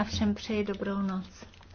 a všem přeji dobrou noc.